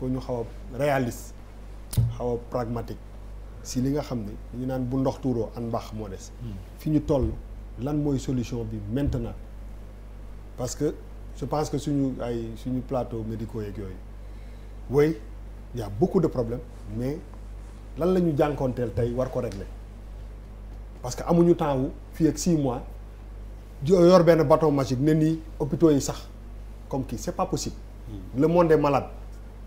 ko ñu xaw a réaliste xaw a pragmatique si li nga xam ni ñu naan bu ndox tuuroo an mbaax moo des hmm. fi ñu toll lan mooy solution bi maintenant parce que je pense que suñu ay suñu plateau médicaux yeeg yooyu oui y a beaucoup de problème mais lan la ñu jànkoonteel tey war ko régler parce que amuñu temps wu fii ak six mois yor benn bateau magique ne nii hôpitaux yi sax comme kii c'est pas possible hmm. le monde malade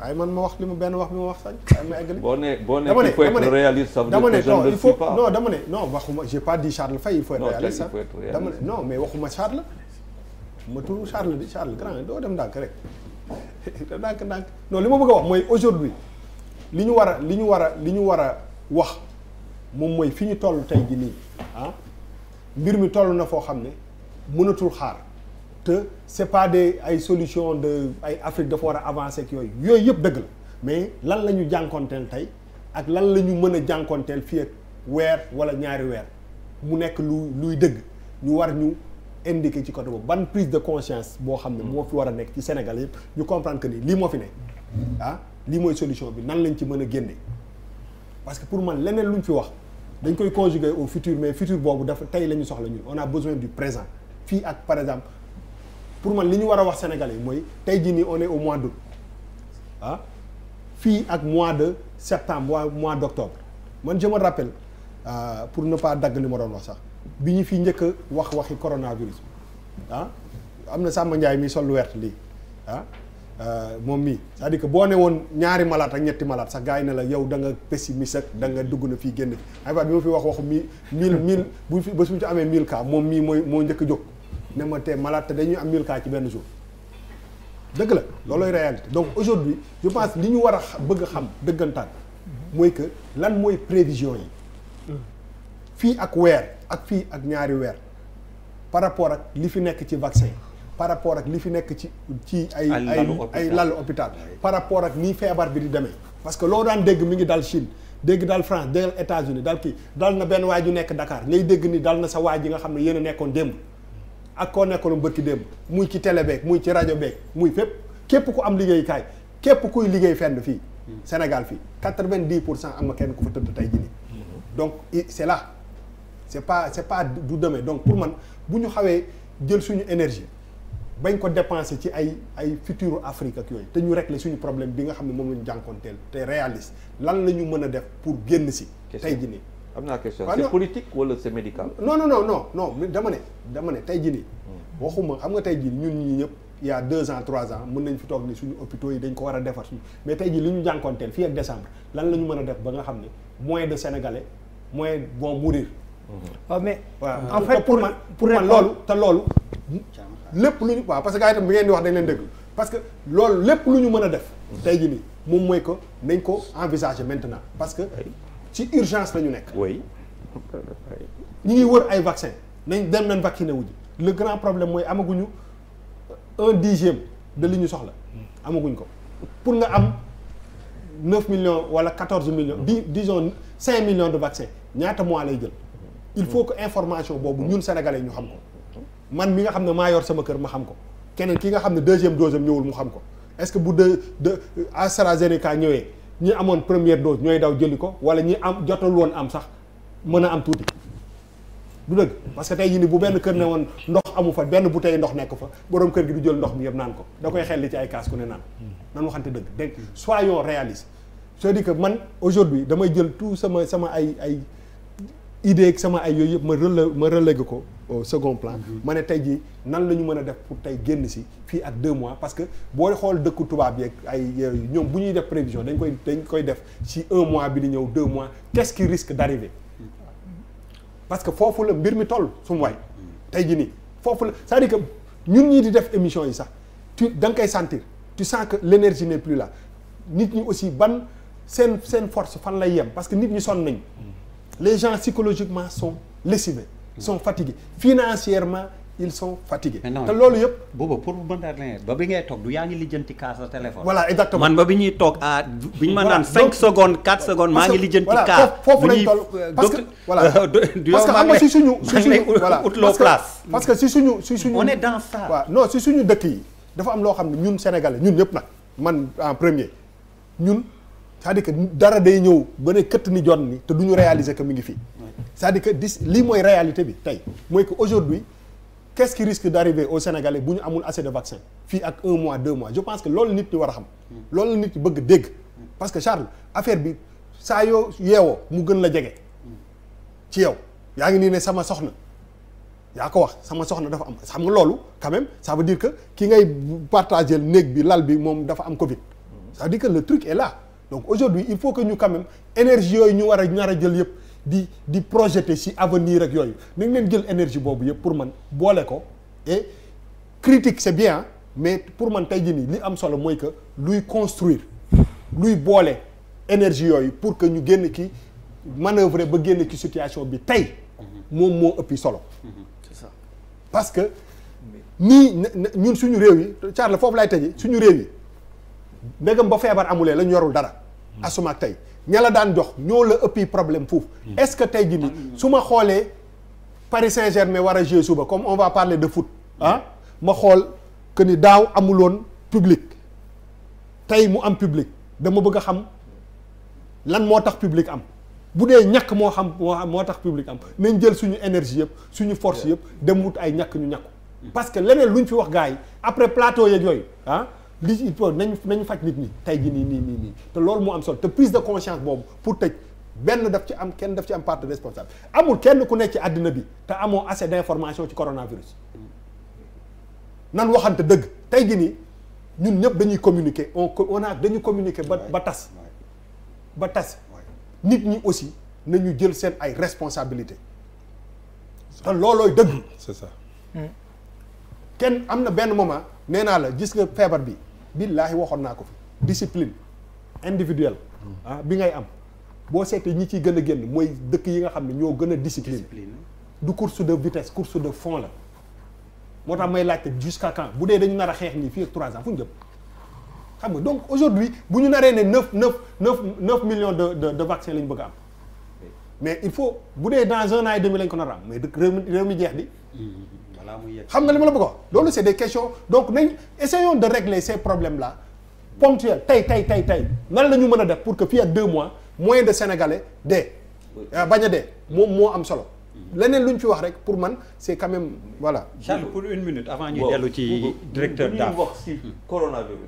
waaye man ma wax li ma benn wax bi ma wax sañ waaye ma eggali. boo nee boo nee il faut être réaliste ça veut dire que je ne le suis pas non dama ne non waxuma j'ai pas dit Charles Faye il faut être réaliste sax dama ne non mais waxuma Charles ma tudd Charles di Charles grand doo dem ndànk rek ndànk ndànk non li ma bëgg a wax mooy aujourd'hui li ñu war a li ñu war a li ñu war a wax moom mooy fi ñu toll tey jii nii ah mbir mi toll na foo xam ne mënatul xaar te c'est pas des ay solution de ay Afrique dafa war a avancer ak yooyu yooyu yëpp dëgg la mais lan la ñu jànkoonteel tey ak lan la ñu mën a jànkoonteel fii ak weer wala ñaari weer mu nekk lu luy dëgg ñu war ñu indiquer ci côté boobu ban prise de conscience boo xam ne moo fi war a nekk ci Sénégal yëpp ñu comprendre que nii lii moo fi ne ah lii mooy solution bi nan lañ ci mën a génne parce que pour man leneen lu ñu fi wax dañ koy conjuguer au futur mais futur boobu dafa tey la ñu soxla ñun on a besoin du présent fii ak par exemple pour man li ñu war a wax sénégalais yi mooy tey jii ni on est au mois d'août ah, fii ak mois de septembre waa mois d'octobre man je me rappelle euh, pour ne pas dagg li ma doon wax sax bi ñu fi njëkk wax waxi coronavirus ah am na Samba Ndiaye mi sol lu wert lii ah euh, moom mii c'est-à-dire que boo ne woon ñaari malade ak ñetti malade sax gars ne la yow da nga pessimiste nga dugg na fii génn ay fois bi ma fi wax waxu mi mille mille bu fi ba suñu ci amee mille cas moom mii mooy moo njëkk jóg ne ma tee malade te dañuy am 1000 ci benn jour dëgg la loolooy réalité donc aujourd'hui je pense ni ñu war a bëgg xam dëggantaan mooy que lan mooy prévision yi fii ak weer ak fii ak ñaari weer par rapport ak li fi nekk ci vaccin par rapport ak li fi nekk ci ci ay ay ay lalu hôpital par rapport ak nii feebar bi di demee parce que loo daan dégg mi ngi dal Chine dégg daal France dégg États-Unis dal kii dal na benn waay ju nekk Dakar ngay dégg ni dal na sa waay ji nga xam ne yéen a nekkoon démb ak koo nekkaloon bërki dem muy ci télé beeg muy ci rajo beeg muy fépp képp ku am liggéeykaay képp kuy liggéey fend fii Sénégal fii quatre-vingt-dix pour cent am na kenn ku fa tëdd tey jii nii donc c'est là c'est pas c'est pas du demain donc pour man bu ñu xawee jël suñu énergie bañ ko dépenser ci ay ay futur Afrique ak yooyu te ñu régler suñu problème bi nga xam ne moom la ñu jànkoonteel te réaliste lan la ñu mën a def pour génn si tey jii nii am na question ah, c'est politique wala c'est médical. non non non non non dama ne dama ne tey jii nii. Hmm. waxuma xam nga tey jii ñun ñii ñëpp il y a deux ans trois ans mën nañ fi toog nii suñu hôpitaux yi dañ ko war a defar suñu mais tey jii li ñu jànkoonteel fii ak décembre lan la ñu mën a def ba nga xam ne moins de sénégalais moins vont mourir. waaw hmm. oh, mais en fait pour man pour man te loolu. lépp lu ñu parce que gars yi tam bi ngeen di wax dañ leen dégg parce que loolu lépp lu ñu mën a def. Hmm. tey jii nii moom mooy ko nañ ko envisager maintenant parce que. ci urgence la ñu nekk. oui. ñi ngi wër ay vaccin nañ dem nañ vacciné wu le grand problème mooy amaguñu un dixième de li ñu soxla. amaguñ ko pour nga am neuf millions wala quatorze millions. di disons cinq millions de vaccins ñaata mois lay jël. il faut que information boobu ñun sénégalais ñu xam ko. man mi nga xam ne maa yor sama kër ma xam ko keneen ki nga xam ne deuxième dose am ñëwul mu xam ko est-ce que bu de de AstraZeneca ñëwee. ñi amoon première dose ñooy daw jëli ko wala ñi am jotal woon am sax mën a am tuuti du dëgg parce que tey jii nii bu benn kër ne woon ndox amu fa benn bouteille ndox nekk fa borom kër gi du jël ndox mi yëpp naan ko da koy xel li ci ay kaas ku ne naan nan waxante dëgg dégg soyons réalistes c'est-à-dire que man aujourd'hui damay jël tout sama sama ay ay idée ak sama ay yooyu yëpp ma relé ma relégué ko au second plan. Mhm. ma ne tey jii nan la ñu mën a def pour tey génn si fii ak deux mois parce que boo xool dëkku tubaab yeeg ay ñoom bu ñuy def prévision dañ koy dañ koy def ci un mois bi di ñëw deux mois qu'est-ce qui risque d'arriver parce que foofu la mbir mi toll sumu waay mhm. tey jii nii foofu la c'est-à-dire ñun ñii di def émission yi sax tu da nga koy sentir tu sens que l'énergie n'est plus là nit ñi aussi ban seen seen force fan lay yem parce que nit ñi sonn nañ mhm. les gens psychologiquement sont lessivés sont fatigués financièrement ils sont fatigués. te loolu yëpp. booba pour mën a ne ba bi ngay toog du yaa ngi lijjanti kaas sa téléphone. voilà exactement man ba bi ñuy toog ah. bi ñu mën naan 5 secondes 4 secondes maa ngi lijjanti. kaas foofu lañ toll parce que voilà euh, que xam si suñu. si suñu voilà parce que si suñu suñu. on dans ça. waaw si suñu dëkk yi dafa am loo xam ne ñun sénégalais ñun ñëpp nag man en premier ñun. cest dire que dara day ñëw ba ne këtt ni jot ni te duñu réaliser que mi ngi fii c'est-à-dire que dis lii mooy réalité bi tey mooy que aujourd'hui quest que qui risque d'arriver au Sénégalais bu ñu amul assez de vaccin fii ak un mois deux mois je pense que loolu nit ñi war a xam loolu la nit ñi bëgg dégg parce que Charles affaire bi saa yoo yeewoo mu gën la jege ci yow yaa ngi nii ne sama soxna yaa ko wax sama soxna dafa am xam nga loolu quand même ça dire que ki ngay partager néeg bi lal bi moom dafa am Covid ça veut dire que le truc donc aujourd'hui il faut que ñu quand même énergie yooyu ñu war a nar jël yëpp di di projeter ci avenir ak yooyu nañ leen jël énergie boobu yëpp pour man boole ko et critique c'est bien mais pour man tey jii nii li am solo mooy que luy construire luy boole énergie yooyu pour que ñu génn ki manœuvrer ba génn ki situation bi tey moom moo ëppi solo c'est ça parce que nii ñun suñu réew yi Charles foofu lay tëjee suñu réew yi ndegam ba feebar amulee la ñu yorul dara asumaak tey ña la daan jox ñoo la ëppi problème foofu hmm. est-ce que tey jii nii hmm. su ma xoolee Paris Saint-Germain war a jouer suba comme on va parler de foot ah ma xool que ni daaw amuloon public tey mu am public dama bëgg a xam lan moo tax public am bu dee ñàkk moo xam moo tax public am nañ jël suñu énergie yëpp suñu force yëpp dem wut ay ñàkk ñu ñàkku hmm. parce que leneen luñ fi wax gars yi après plateau yeeg yooyu ah li il faut nañu nañu faj nit ñi tey jii nii nii nii te lool moo am solo te prise de conscience boobu pour tëj benn daf ci am kenn daf ci am part de responsable amul kenn ku nekk ci àddina bi te amoo assez d'information ci coronavirus nan waxante dëgg tey gi nii ñun ñëpp dañuy communiquer on on a dañu communiquer ba ba tas ba tas nit ñi aussi nañu jël seen ay responsabilité te loolooy dëgg c'est hmm. kenn am na benn moment nee naa la gis nga feebar bi billaahi waxoon naa ko fi discipline individuelle hmm. ah bi ngay am boo seetee ñi ciy gën a génn mooy dëkk yi nga xam ne ñoo gën a discipline du course de vitesse course de fond la moo tax may laajte jusqu'à quand bu dee dañu nar a xeex nii fii ak trois ans fu ñu jëm xam nga donc aujourd'hui bu ñu naree ne neuf neuf neuf neuf millions de de de vaccins bëgg am mais il faut bu dee dans un an et demi la ko nar am mais dëkk réew mi jeex di hmm. xam nga li ma la bëgg wax loolu c'est des questions donc nañ essayons de régler ces problèmes là ponctuels tey tey tey tey nan la ñu mën a def pour que fii ak deux mois moins de sénégalais de euh, bañ a de moom moo am solo mm-hmm. leneen lu ñu fi wax rek pour man c'est quand même voilà Charles pour une minute avant ñu dellu ci directeur DAF wax ci coronavirus